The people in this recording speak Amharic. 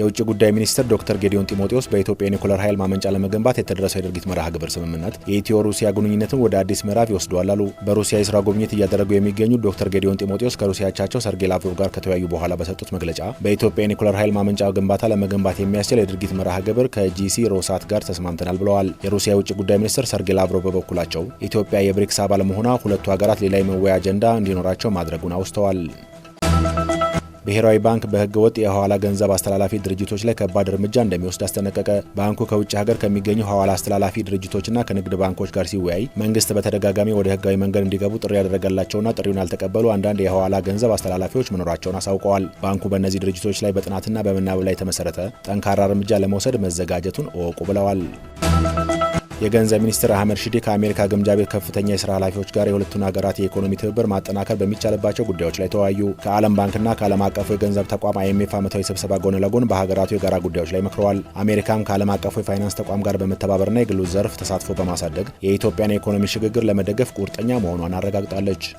የውጭ ጉዳይ ሚኒስትር ዶክተር ጌዲዮን ጢሞቴዎስ በኢትዮጵያ ኒኮለር ኃይል ማመንጫ ለመገንባት የተደረሰው የድርጊት መርሃ ግብር ስምምነት የኢትዮ ሩሲያ ግንኙነትን ወደ አዲስ ምዕራፍ ይወስደዋል አሉ። በሩሲያ የስራ ጉብኝት እያደረጉ የሚገኙት ዶክተር ጌዲዮን ጢሞቴዎስ ከሩሲያቻቸው ሰርጌ ላቭሮቭ ጋር ከተወያዩ በኋላ በሰጡት መግለጫ በኢትዮጵያ የኒውክለር ኃይል ማመንጫ ግንባታ ለመገንባት የሚያስችል የድርጊት መርሃ ግብር ከጂሲ ሮሳት ጋር ተስማምተናል ብለዋል። የሩሲያ የውጭ ጉዳይ ሚኒስትር ሰርጌ ላቭሮቭ በበኩላቸው ኢትዮጵያ የብሪክስ አባል መሆኗ ሁለቱ ሀገራት ሌላ የመወያ አጀንዳ እንዲኖራቸው ማድረጉን አውስተዋል። ብሔራዊ ባንክ በህገ ወጥ የሐዋላ ገንዘብ አስተላላፊ ድርጅቶች ላይ ከባድ እርምጃ እንደሚወስድ አስጠነቀቀ። ባንኩ ከውጭ ሀገር ከሚገኙ ሐዋላ አስተላላፊ ድርጅቶችና ከንግድ ባንኮች ጋር ሲወያይ መንግስት በተደጋጋሚ ወደ ህጋዊ መንገድ እንዲገቡ ጥሪ ያደረገላቸውና ጥሪውን ያልተቀበሉ አንዳንድ የሐዋላ ገንዘብ አስተላላፊዎች መኖራቸውን አሳውቀዋል። ባንኩ በእነዚህ ድርጅቶች ላይ በጥናትና በመናበብ ላይ የተመሰረተ ጠንካራ እርምጃ ለመውሰድ መዘጋጀቱን እወቁ ብለዋል። የገንዘብ ሚኒስትር አህመድ ሺዴ ከአሜሪካ ግምጃ ቤት ከፍተኛ የስራ ኃላፊዎች ጋር የሁለቱን ሀገራት የኢኮኖሚ ትብብር ማጠናከር በሚቻልባቸው ጉዳዮች ላይ ተወያዩ። ከዓለም ባንክና ከዓለም አቀፉ የገንዘብ ተቋም አይኤምኤፍ ዓመታዊ ስብሰባ ጎን ለጎን በሀገራቱ የጋራ ጉዳዮች ላይ መክረዋል። አሜሪካም ከዓለም አቀፉ የፋይናንስ ተቋም ጋር በመተባበርና የግሉ ዘርፍ ተሳትፎ በማሳደግ የኢትዮጵያን የኢኮኖሚ ሽግግር ለመደገፍ ቁርጠኛ መሆኗን አረጋግጣለች።